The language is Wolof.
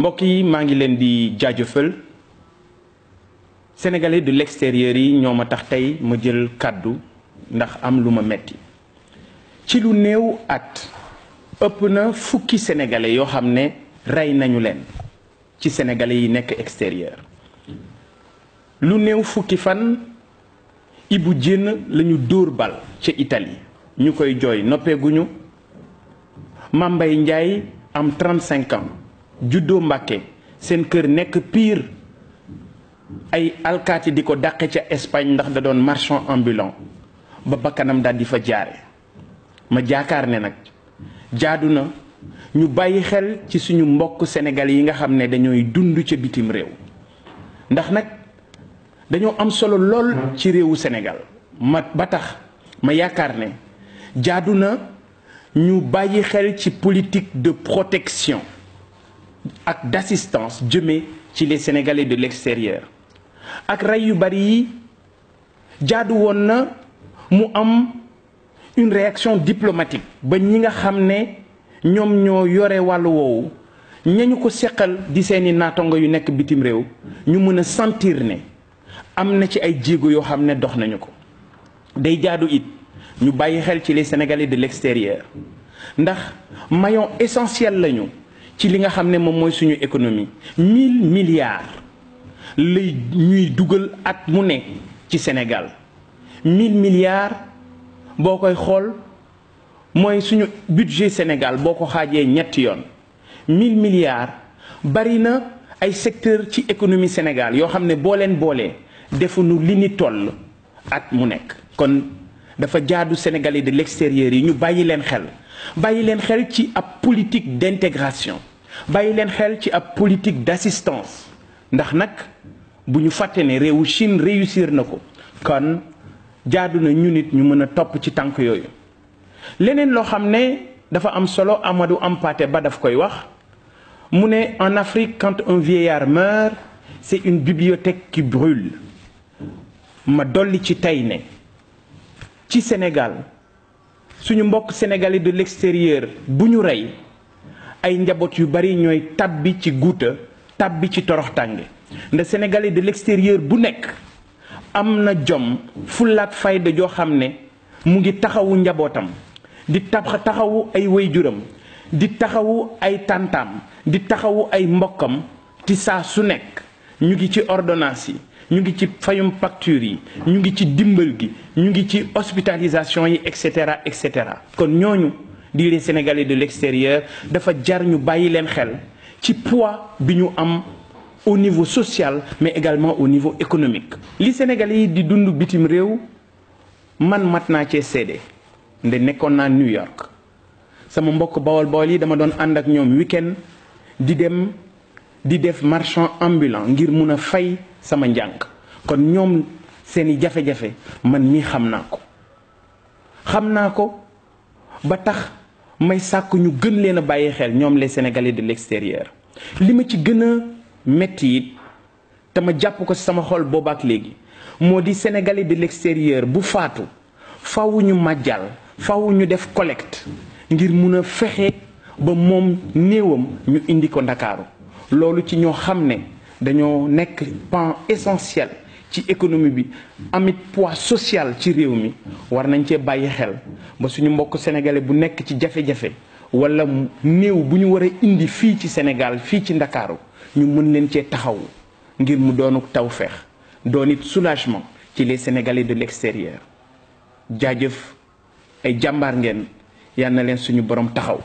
mbokk yi maa ngi leen di jaajëfal sénégalais du l'extérieur yi ñoo ma tax tey ma jël kàddu ndax am lu ma metti ci lu néew at ëpp na fukki sénégalais yoo xam ne rey nañu leen ci sénégalais yi nekk extérieur lu néew fukki fan Ibou Diène la ñu dóor bal ca Italie ñu koy jooy noppeeguñu Mame njaay am trent ans juddoo Mbàkke seen kër nekk Pire ay alkaati di ko dàqe ca Espagne ndax da doon marchand ambulant ba bakkanam daal di fa jaare ma jaakaar ne nag jaadu na ñu bàyyi xel ci suñu mbokk Sénégal yi nga xam ne dañooy dund ca bitim réew ndax nag dañoo am solo lool ci réewu Sénégal ma ba tax ma yaakaar ne jaadu na ñu bàyyi xel ci politique de protection et d'assistance de chez les sénégalais de l'extérieur ak bari une réaction diplomatique ba ñi nga que nous sommes ñoo nous wàllu nous di yu Nous ñu sentir am na ci ay it les sénégalais de l'extérieur ndax maillon essentiel lañu ci li nga économie 1000 milliards Les ñuy duggal at mu Sénégal 1000 milliards suñu budget Sénégal boko yoon 1000 milliards bari na ay secteur ci économie Sénégal yo xam bo len toll at mu nekk Sénégalais de l'extérieur yi ñu xel politique d'intégration Violent y xel ci politique d'assistance ndax nag bu ñu réussir na ko kon jaadu ñu nit ñu a ci tànk leneen am solo en Afrique quand un vieillard meurt c'est une bibliothèque qui brûle ma ci Sénégal suñu mbokk sénégalais de l'extérieur bu ay njabot yu bari ñoy tabbi ci guuta tabbi ci torox tangé ndé sénégalais de l'extérieur bu nekk amna jom fulaak fayda jo xamné mu ngi taxawu njabotam di taxawu ay wayjuram di taxawu ay tantam di taxawu ay mbokam ti sa su nekk ñu ngi ci ordonnance ñu ngi ci fayum facture yi ñu ngi ci dimbal gi ñu ngi ci hospitalisation yi et cetera et cetera kon ñooñu di les sénégalais de l'extérieur dafa jar ñu bàyyi leen xel ci poids bi ñu am au niveau social mais également au niveau économique. li sénégalais di dundu bitim rew man matna ci cédé ndé nde na New York sama mbokk bawol bawli dama don ànd ak ñoom week-end di dem di def marchand ambulant ngir mëna fay sama njàng kon ñom seeni jafé jafé man mi xamna ko xamna ko ba tax may sàkk ñu gën leen a bàyyi xel ñoom les sénégalais de l'extérieur li ma ci gën a métti it te ma jàpp ko sama xol boobaak léegi moo di sénégalais de l'extérieur bu faatu faw ñu màjjal faw ñu def collecte ngir mun a fexe ba moom néewam ñu indi ko ndakaaru loolu ci ñoo xam ne dañoo nekk pan essentiel ci économie bi amit poids social ci réew mi war nañ cee bàyyi xel ba suñu mbokk sénégalais bu nekk ci jafe-jafe wala néew bu ñu war indi fii ci Sénégal fii ci Ndakaaru ñu mën leen cee taxaw ngir mu doonuk tawféex doon it soulagement ci les sénégalais de l'extérieur jaajëf ay jàmbaar ngeen yal na leen suñu borom taxaw